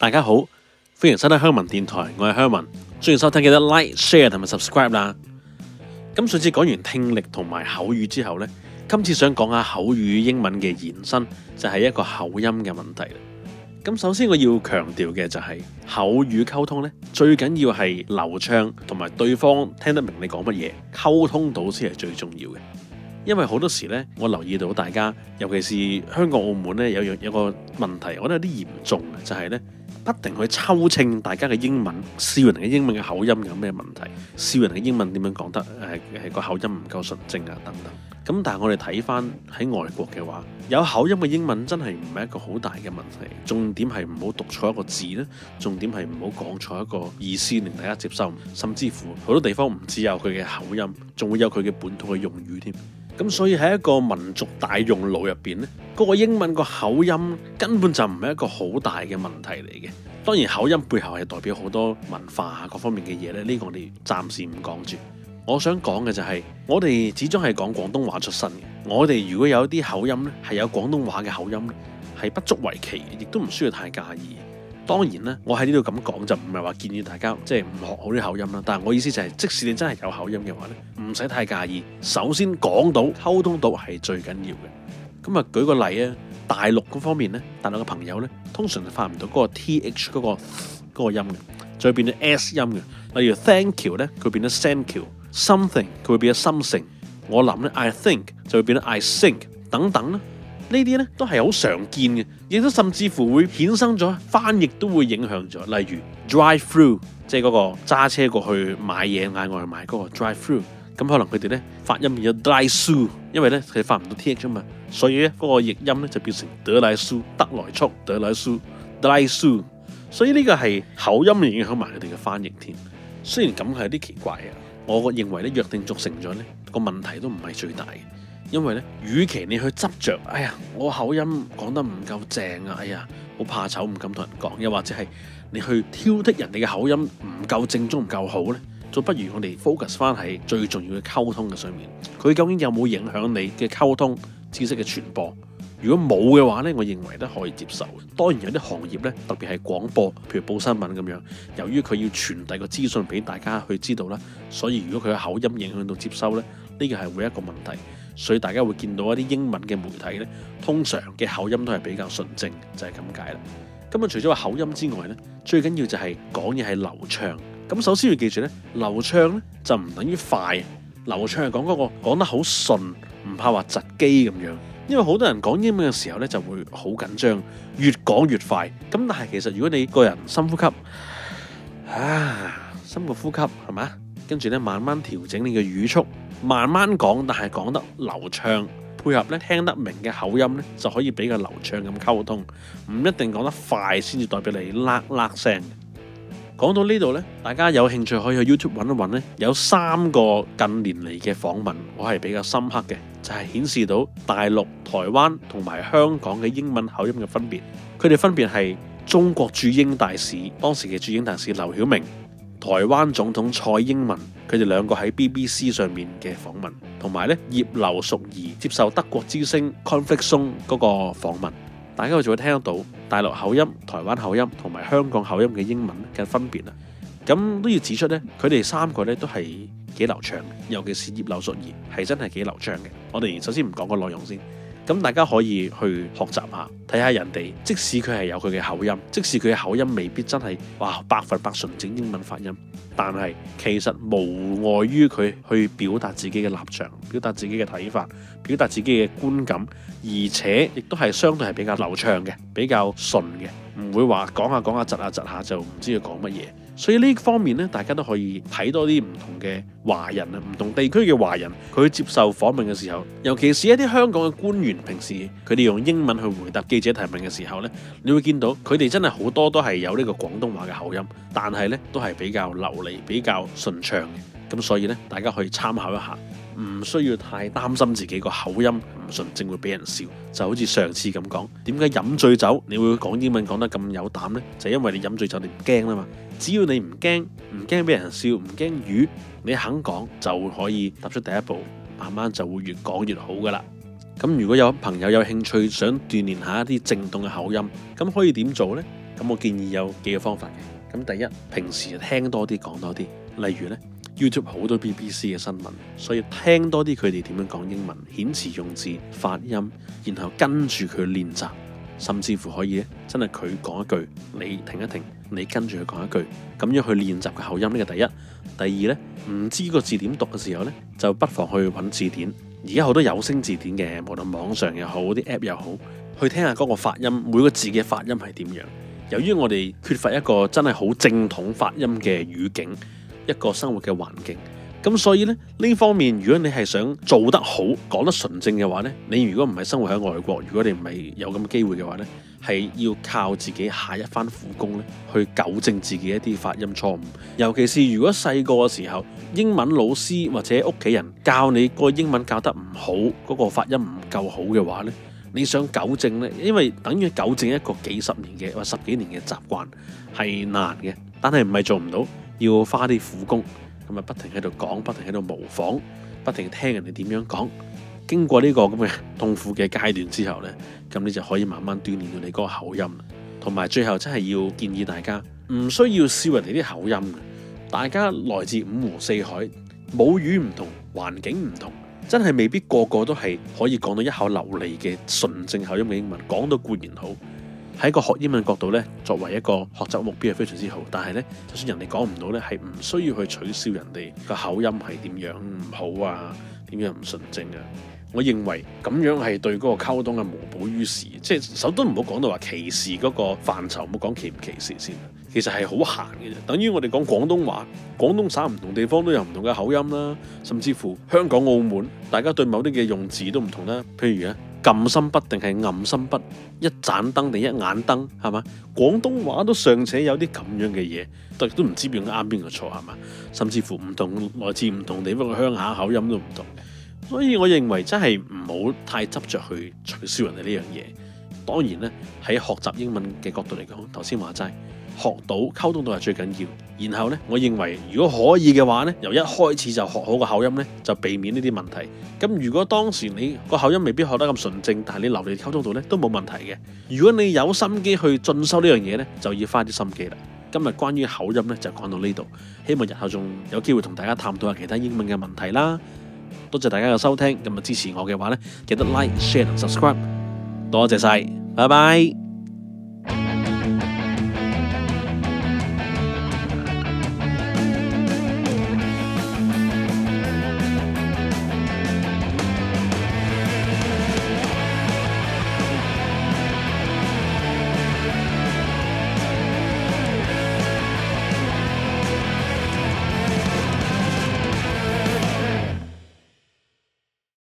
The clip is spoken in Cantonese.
大家好，歡迎收睇香文電台，我係香文，歡迎收聽，記得 like、share 同埋 subscribe 啦。咁、嗯、上次講完聽力同埋口語之後呢，今次想講下口語英文嘅延伸，就係、是、一個口音嘅問題。咁、嗯、首先我要強調嘅就係、是、口語溝通呢最緊要係流暢同埋對方聽得明你講乜嘢，溝通到先係最重要嘅。因為好多時呢，我留意到大家，尤其是香港澳門呢，有有有個問題，我覺得有啲嚴重嘅，就係、是、呢。不停去抽清大家嘅英文，笑人嘅英文嘅口音有咩問題？笑人嘅英文點樣講得？係係個口音唔夠純正啊，等等。咁但係我哋睇返喺外國嘅話，有口音嘅英文真係唔係一個好大嘅問題。重點係唔好讀錯一個字咧，重點係唔好講錯一個意思令大家接受，甚至乎好多地方唔只有佢嘅口音，仲會有佢嘅本土嘅用語添。咁所以喺一個民族大熔爐入邊呢，嗰、嗰個英文個口音根本就唔係一個好大嘅問題嚟嘅。當然口音背後係代表好多文化各方面嘅嘢咧，呢、呢個我哋暫時唔講住。我想講嘅就係、係、我哋始終係講廣東話出身嘅，我哋如果有一啲口音呢係有廣東話嘅口音咧，係不足為奇，亦都唔需要太介意。當然咧，我喺呢度咁講就唔係話建議大家即係唔學好啲口音啦。但係我意思就係、是，即使你真係有口音嘅話咧，唔使太介意。首先講到溝通到係最緊要嘅。咁啊，舉個例啊，大陸嗰方面咧，大陸嘅朋友咧，通常就發唔到嗰個 th 嗰、嗰個嗰個嗰個音嘅，就會變咗 s 音嘅。例如 thank you 咧，佢變咗 sank，something 佢會變咗 something，變 something 我。我諗咧，I think 就會變咗 I think 等等啦。呢啲咧都係好常見嘅，亦都甚至乎會衍生咗翻譯都會影響咗。例如 drive through，即係嗰個揸車過去買嘢嗌外賣嗰個 drive through，咁可能佢哋咧發音變咗 dry through，因為咧佢發唔到 th 啊嘛，所以咧嗰、那個譯音咧就變成 su，德來蘇、德來速、德來蘇、dry through。Su，所以呢個係口音影響埋佢哋嘅翻譯添。雖然咁係有啲奇怪啊，我個認為咧約定俗成咗咧個問題都唔係最大嘅。因為咧，與其你去執着，哎呀，我口音講得唔夠正啊，哎呀，好怕醜，唔敢同人講，又或者係你去挑剔人哋嘅口音唔夠正宗、唔夠好呢，就不如我哋 focus 翻喺最重要嘅溝通嘅上面。佢究竟有冇影響你嘅溝通知識嘅傳播？如果冇嘅話呢，我認為都可以接受。當然有啲行業呢，特別係廣播，譬如報新聞咁樣，由於佢要傳遞個資訊俾大家去知道啦，所以如果佢嘅口音影響到接收呢，呢個係會一個問題。所以大家會見到一啲英文嘅媒體呢，通常嘅口音都係比較純正，就係咁解啦。咁啊，除咗話口音之外呢，最緊要就係講嘢係流暢。咁首先要記住呢，流暢呢就唔等於快。流暢係講嗰個講得好順，唔怕話窒機咁樣。因為好多人講英文嘅時候呢，就會好緊張，越講越快。咁但係其實如果你個人深呼吸，啊，深個呼吸係咪？跟住呢，慢慢調整你嘅語速。慢慢講，但係講得流暢，配合咧聽得明嘅口音咧，就可以比較流暢咁溝通。唔一定講得快先至代表你叻叻聲。講到呢度咧，大家有興趣可以去 YouTube 揾一揾咧，有三個近年嚟嘅訪問，我係比較深刻嘅，就係顯示到大陸、台灣同埋香港嘅英文口音嘅分別。佢哋分別係中國駐英大使當時嘅駐英大使劉曉明。台灣總統蔡英文佢哋兩個喺 BBC 上面嘅訪問，同埋咧葉劉淑儀接受德國之聲 Conflict Zone 嗰個訪問，大家我仲會聽得到大陸口音、台灣口音同埋香港口音嘅英文嘅分別啊！咁都要指出咧，佢哋三個咧都係幾流暢，尤其是葉劉淑儀係真係幾流暢嘅。我哋首先唔講個內容先。咁大家可以去學習下，睇下人哋，即使佢係有佢嘅口音，即使佢嘅口音未必真係哇百分百純正英文發音，但係其實無礙於佢去表達自己嘅立場，表達自己嘅睇法，表達自己嘅觀感，而且亦都係相對係比較流暢嘅，比較順嘅，唔會話講下講下窒下窒下就唔知佢講乜嘢。所以呢方面咧，大家都可以睇多啲唔同嘅華人啊，唔同地區嘅華人，佢接受訪問嘅時候，尤其是一啲香港嘅官員，平時佢哋用英文去回答記者提問嘅時候呢，你會見到佢哋真係好多都係有呢個廣東話嘅口音，但係呢都係比較流利，比較順暢嘅。咁所以呢，大家可以參考一下。唔需要太擔心自己個口音唔純正會俾人笑，就好似上次咁講，點解飲醉酒你會講英文講得咁有膽呢？就因為你飲醉酒你唔驚吖嘛，只要你唔驚，唔驚俾人笑，唔驚語，你肯講就可以踏出第一步，慢慢就會越講越好噶啦。咁如果有朋友有興趣想鍛鍊一下一啲正統嘅口音，咁可以點做呢？咁我建議有幾個方法嘅。咁第一，平時聽多啲，講多啲，例如呢，YouTube 好多 BBC 嘅新聞，所以聽多啲佢哋點樣講英文，遣詞用字、發音，然後跟住佢練習，甚至乎可以咧，真係佢講一句，你停一停，你跟住佢講一句，咁樣去練習嘅口音，呢個第一。第二咧，唔知個字點讀嘅時候咧，就不妨去揾字典。而家好多有聲字典嘅，無論網上又好，啲 App 又好，去聽下嗰個發音，每個字嘅發音係點樣。由於我哋缺乏一個真係好正統發音嘅語境。一個生活嘅環境，咁所以呢，呢方面，如果你係想做得好，講得純正嘅話呢，你如果唔係生活喺外國，如果你唔係有咁嘅機會嘅話呢，係要靠自己下一番苦功呢，去糾正自己一啲發音錯誤。尤其是如果細個嘅時候，英文老師或者屋企人教你個英文教得唔好，嗰個發音唔夠好嘅話呢你想糾正呢？因為等於糾正一個幾十年嘅或十幾年嘅習慣係難嘅，但係唔係做唔到。要花啲苦功，咁啊不停喺度講，不停喺度模仿，不停聽人哋點樣講。經過呢個咁嘅痛苦嘅階段之後呢，咁你就可以慢慢鍛鍊到你嗰個口音。同埋最後真係要建議大家，唔需要笑人哋啲口音。大家來自五湖四海，母語唔同，環境唔同，真係未必個個都係可以講到一口流利嘅純正口音嘅英文。講到固然好。喺一個學英文嘅角度咧，作為一個學習目標係非常之好。但係咧，就算人哋講唔到咧，係唔需要去取笑人哋嘅口音係點樣唔好啊，點樣唔純正啊？我認為咁樣係對嗰個溝通係無補於事。即係首都唔好講到話歧視嗰個範疇，唔好講歧唔歧視先。其實係好閒嘅啫。等於我哋講廣東話，廣東省唔同地方都有唔同嘅口音啦，甚至乎香港、澳門，大家對某啲嘅用字都唔同啦。譬如啊。撳心筆定係暗心筆，一盞燈定一眼燈，係嘛？廣東話都尚且有啲咁樣嘅嘢，但都唔知邊啱邊個錯，係嘛？甚至乎唔同，來自、唔同地方嘅鄉下口音都唔同。所以我認為真係唔好太執着去取消人哋呢樣嘢。當然咧，喺學習英文嘅角度嚟講，頭先話齋。學到溝通到係最緊要，然後呢，我認為如果可以嘅話呢，由一開始就學好個口音呢，就避免呢啲問題。咁如果當時你個口音未必學得咁純正，但係你留嚟溝通到呢，都冇問題嘅。如果你有心機去進修呢樣嘢呢，就要花啲心機啦。今日關於口音呢，就講到呢度，希望日後仲有機會同大家探討下其他英文嘅問題啦。多謝大家嘅收聽，咁啊支持我嘅話呢，記得 like share 同 subscribe。多謝晒，拜拜。